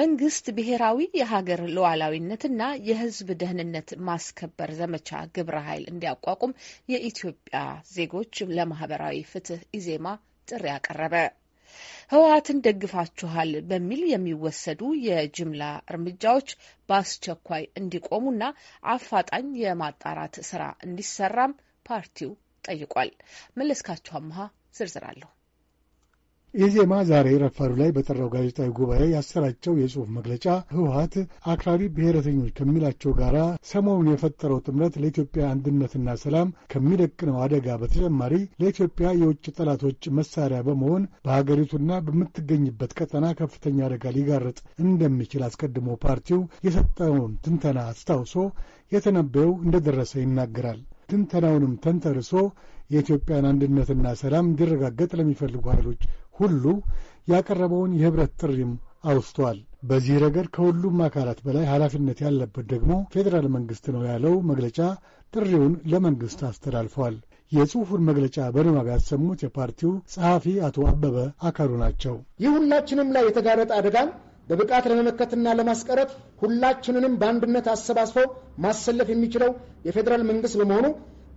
መንግስት ብሔራዊ የሀገር ሉዓላዊነትና የሕዝብ ደህንነት ማስከበር ዘመቻ ግብረ ኃይል እንዲያቋቁም የኢትዮጵያ ዜጎች ለማህበራዊ ፍትህ ኢዜማ ጥሪ አቀረበ። ህወሓትን ደግፋችኋል በሚል የሚወሰዱ የጅምላ እርምጃዎች በአስቸኳይ እንዲቆሙና አፋጣኝ የማጣራት ስራ እንዲሰራም ፓርቲው ጠይቋል። መለስካቸው አምሃ ዝርዝራለሁ። ኢዜማ ዛሬ ረፋዱ ላይ በጠራው ጋዜጣዊ ጉባኤ ያሰራጨው የጽሑፍ መግለጫ ህወሀት አክራሪ ብሔረተኞች ከሚላቸው ጋር ሰሞኑን የፈጠረው ጥምረት ለኢትዮጵያ አንድነትና ሰላም ከሚደቅነው አደጋ በተጨማሪ ለኢትዮጵያ የውጭ ጠላቶች መሳሪያ በመሆን በሀገሪቱና በምትገኝበት ቀጠና ከፍተኛ አደጋ ሊጋርጥ እንደሚችል አስቀድሞ ፓርቲው የሰጠውን ትንተና አስታውሶ የተነበየው እንደደረሰ ይናገራል። ትንተናውንም ተንተርሶ የኢትዮጵያን አንድነትና ሰላም እንዲረጋገጥ ለሚፈልጉ ኃይሎች ሁሉ ያቀረበውን የህብረት ጥሪም አውስተዋል። በዚህ ረገድ ከሁሉም አካላት በላይ ኃላፊነት ያለበት ደግሞ ፌዴራል መንግሥት ነው ያለው መግለጫ ጥሪውን ለመንግሥት አስተላልፏል። የጽሑፉን መግለጫ በንባብ ያሰሙት የፓርቲው ጸሐፊ አቶ አበበ አካሉ ናቸው። ይህ ሁላችንም ላይ የተጋረጠ አደጋን በብቃት ለመመከትና ለማስቀረት ሁላችንንም በአንድነት አሰባስበው ማሰለፍ የሚችለው የፌዴራል መንግሥት በመሆኑ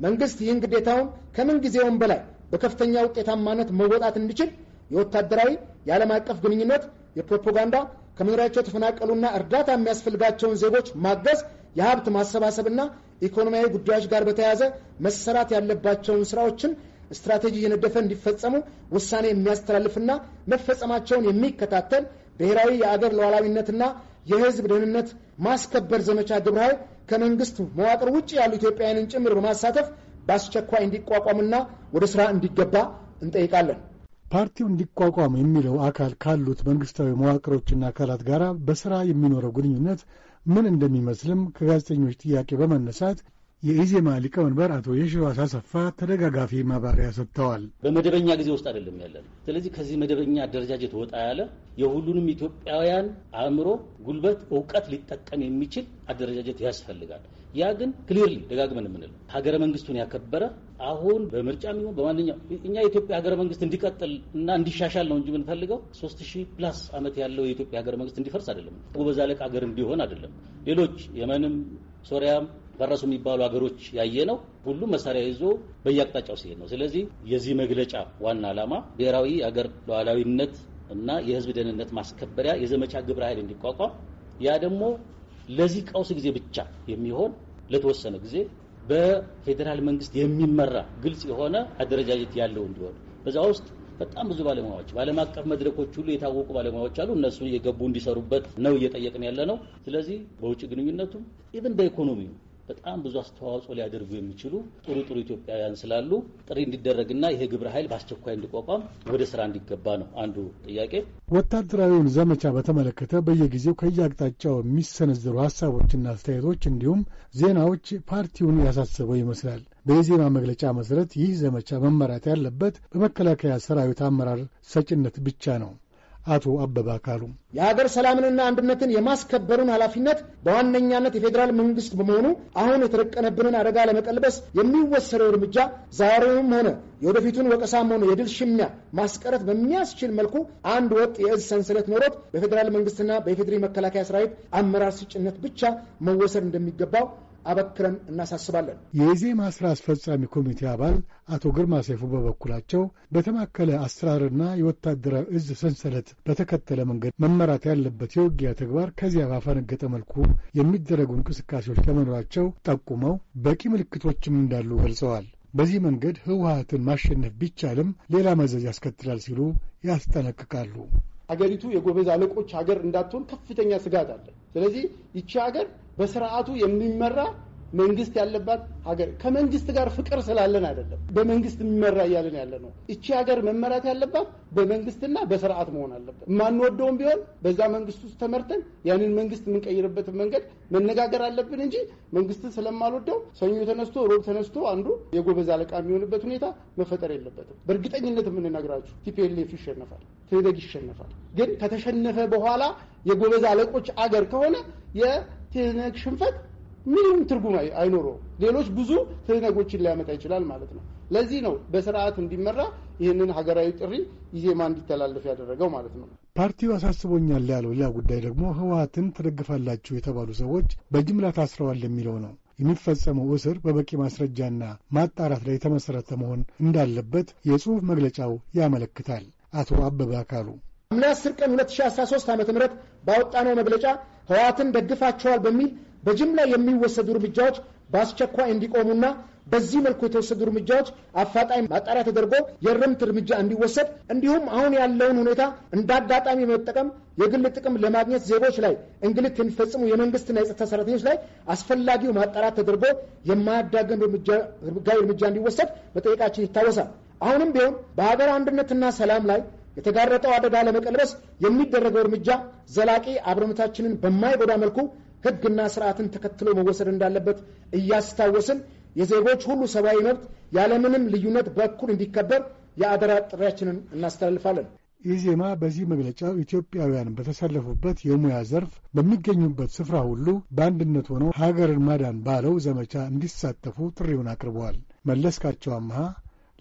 መንግስት ይህን ግዴታውን ከምን ጊዜውም በላይ በከፍተኛ ውጤታማነት መወጣት እንዲችል የወታደራዊ የዓለም አቀፍ ግንኙነት፣ የፕሮፓጋንዳ ከመኖሪያቸው ተፈናቀሉና እርዳታ የሚያስፈልጋቸውን ዜጎች ማገዝ፣ የሀብት ማሰባሰብና ኢኮኖሚያዊ ጉዳዮች ጋር በተያያዘ መሰራት ያለባቸውን ስራዎችን ስትራቴጂ እየነደፈ እንዲፈጸሙ ውሳኔ የሚያስተላልፍና መፈጸማቸውን የሚከታተል ብሔራዊ የአገር ለዋላዊነትና የህዝብ ደህንነት ማስከበር ዘመቻ ግብረ ኃይል ከመንግስት መዋቅር ውጭ ያሉ ኢትዮጵያውያንን ጭምር በማሳተፍ በአስቸኳይ እንዲቋቋምና ወደ ስራ እንዲገባ እንጠይቃለን። ፓርቲው እንዲቋቋም የሚለው አካል ካሉት መንግስታዊ መዋቅሮችና አካላት ጋር በስራ የሚኖረው ግንኙነት ምን እንደሚመስልም ከጋዜጠኞች ጥያቄ በመነሳት የኢዜማ ሊቀመንበር አቶ የሺዋስ አሰፋ ተደጋጋፊ ማብራሪያ ሰጥተዋል። በመደበኛ ጊዜ ውስጥ አይደለም ያለን። ስለዚህ ከዚህ መደበኛ አደረጃጀት ወጣ ያለ የሁሉንም ኢትዮጵያውያን አእምሮ፣ ጉልበት፣ እውቀት ሊጠቀም የሚችል አደረጃጀት ያስፈልጋል። ያ ግን ክሊርሊ ደጋግመን የምንለው ሀገረ መንግስቱን ያከበረ አሁን በምርጫ የሚሆን በማንኛው እኛ የኢትዮጵያ ሀገረ መንግስት እንዲቀጥል እና እንዲሻሻል ነው እንጂ የምንፈልገው ሶስት ሺህ ፕላስ ዓመት ያለው የኢትዮጵያ ሀገረ መንግስት እንዲፈርስ አይደለም። በዛ ለቅ ሀገር እንዲሆን አይደለም። ሌሎች የመንም ሶሪያም ፈረሱ የሚባሉ ሀገሮች ያየ ነው። ሁሉም መሳሪያ ይዞ በየአቅጣጫው ሲሄድ ነው። ስለዚህ የዚህ መግለጫ ዋና ዓላማ ብሔራዊ ሀገር ሉዓላዊነት እና የህዝብ ደህንነት ማስከበሪያ የዘመቻ ግብረ ኃይል እንዲቋቋም ያ ደግሞ ለዚህ ቀውስ ጊዜ ብቻ የሚሆን ለተወሰነ ጊዜ በፌዴራል መንግስት የሚመራ ግልጽ የሆነ አደረጃጀት ያለው እንዲሆን በዛ ውስጥ በጣም ብዙ ባለሙያዎች በዓለም አቀፍ መድረኮች ሁሉ የታወቁ ባለሙያዎች አሉ። እነሱ እየገቡ እንዲሰሩበት ነው እየጠየቅን ያለ ነው። ስለዚህ በውጭ ግንኙነቱም ኢቭን በኢኮኖሚው በጣም ብዙ አስተዋጽኦ ሊያደርጉ የሚችሉ ጥሩ ጥሩ ኢትዮጵያውያን ስላሉ ጥሪ እንዲደረግና ይሄ ግብረ ኃይል በአስቸኳይ እንዲቋቋም ወደ ስራ እንዲገባ ነው አንዱ ጥያቄ። ወታደራዊውን ዘመቻ በተመለከተ በየጊዜው ከየአቅጣጫው የሚሰነዘሩ ሀሳቦችና አስተያየቶች እንዲሁም ዜናዎች ፓርቲውን ያሳሰበው ይመስላል። በየዜና መግለጫ መሰረት ይህ ዘመቻ መመራት ያለበት በመከላከያ ሰራዊት አመራር ሰጭነት ብቻ ነው። አቶ አበባ ካሉ የሀገር ሰላምንና አንድነትን የማስከበሩን ኃላፊነት በዋነኛነት የፌዴራል መንግስት በመሆኑ አሁን የተደቀነብንን አደጋ ለመቀልበስ የሚወሰደው እርምጃ ዛሬውም ሆነ የወደፊቱን ወቀሳም ሆነ የድል ሽሚያ ማስቀረት በሚያስችል መልኩ አንድ ወጥ የእዝ ሰንሰለት ኖሮት በፌዴራል መንግስትና በኢፌዴሪ መከላከያ ሰራዊት አመራር ስጭነት ብቻ መወሰድ እንደሚገባው አበክረን እናሳስባለን። የኢዜማ ስራ አስፈጻሚ ኮሚቴ አባል አቶ ግርማ ሰይፉ በበኩላቸው በተማከለ አሰራርና የወታደራዊ እዝ ሰንሰለት በተከተለ መንገድ መመራት ያለበት የውጊያ ተግባር ከዚያ ባፈነገጠ መልኩ የሚደረጉ እንቅስቃሴዎች ለመኖራቸው ጠቁመው በቂ ምልክቶችም እንዳሉ ገልጸዋል። በዚህ መንገድ ህወሀትን ማሸነፍ ቢቻልም ሌላ መዘዝ ያስከትላል ሲሉ ያስጠነቅቃሉ። አገሪቱ የጎበዝ አለቆች ሀገር እንዳትሆን ከፍተኛ ስጋት አለ። ስለዚህ ይቺ ሀገር በስርዓቱ የሚመራ መንግስት ያለባት ሀገር ከመንግስት ጋር ፍቅር ስላለን አይደለም በመንግስት የሚመራ እያለን ያለ ነው። እቺ ሀገር መመራት ያለባት በመንግስትና በስርዓት መሆን አለበት። ማንወደውም ቢሆን በዛ መንግስት ውስጥ ተመርተን ያንን መንግስት የምንቀይርበትን መንገድ መነጋገር አለብን እንጂ መንግስት ስለማልወደው ሰኞ ተነስቶ ሮብ ተነስቶ አንዱ የጎበዝ አለቃ የሚሆንበት ሁኔታ መፈጠር የለበትም። በእርግጠኝነት የምንነግራችሁ ቲፒኤልኤፍ ይሸነፋል። ቴቤግ ይሸነፋል። ግን ከተሸነፈ በኋላ የጎበዝ አለቆች አገር ከሆነ የቴነግ ሽንፈት ምንም ትርጉም አይኖረው። ሌሎች ብዙ ትህነጎችን ሊያመጣ ይችላል ማለት ነው። ለዚህ ነው በስርዓት እንዲመራ ይህንን ሀገራዊ ጥሪ ኢዜማ እንዲተላለፍ ያደረገው ማለት ነው። ፓርቲው አሳስቦኛል ያለው ሌላ ጉዳይ ደግሞ ህወሀትን ትደግፋላችሁ የተባሉ ሰዎች በጅምላ ታስረዋል የሚለው ነው። የሚፈጸመው እስር በበቂ ማስረጃና ማጣራት ላይ የተመሠረተ መሆን እንዳለበት የጽሑፍ መግለጫው ያመለክታል። አቶ አበበ አካሉ ሐምሌ 10 ቀን 2013 ዓ ም ባወጣነው መግለጫ ህወሓትን ደግፋቸዋል በሚል በጅምላ የሚወሰዱ እርምጃዎች በአስቸኳይ እንዲቆሙና በዚህ መልኩ የተወሰዱ እርምጃዎች አፋጣኝ ማጣሪያ ተደርጎ የእርምት እርምጃ እንዲወሰድ እንዲሁም አሁን ያለውን ሁኔታ እንደ አጋጣሚ መጠቀም የግል ጥቅም ለማግኘት ዜጎች ላይ እንግልት የሚፈጽሙ የመንግስትና የጸጥታ ሰራተኞች ላይ አስፈላጊው ማጣራት ተደርጎ የማያዳግም ህጋዊ እርምጃ እንዲወሰድ መጠየቃችን ይታወሳል። አሁንም ቢሆን በሀገር አንድነትና ሰላም ላይ የተጋረጠው አደጋ ለመቀልበስ የሚደረገው እርምጃ ዘላቂ አብሮነታችንን በማይጎዳ መልኩ ሕግና ስርዓትን ተከትሎ መወሰድ እንዳለበት እያስታወስን የዜጎች ሁሉ ሰብአዊ መብት ያለምንም ልዩነት በእኩል እንዲከበር የአደራ ጥሪያችንን እናስተላልፋለን። ኢዜማ በዚህ መግለጫው ኢትዮጵያውያን በተሰለፉበት የሙያ ዘርፍ በሚገኙበት ስፍራ ሁሉ በአንድነት ሆነው ሀገርን ማዳን ባለው ዘመቻ እንዲሳተፉ ጥሪውን አቅርበዋል። መለስካቸው አምሃ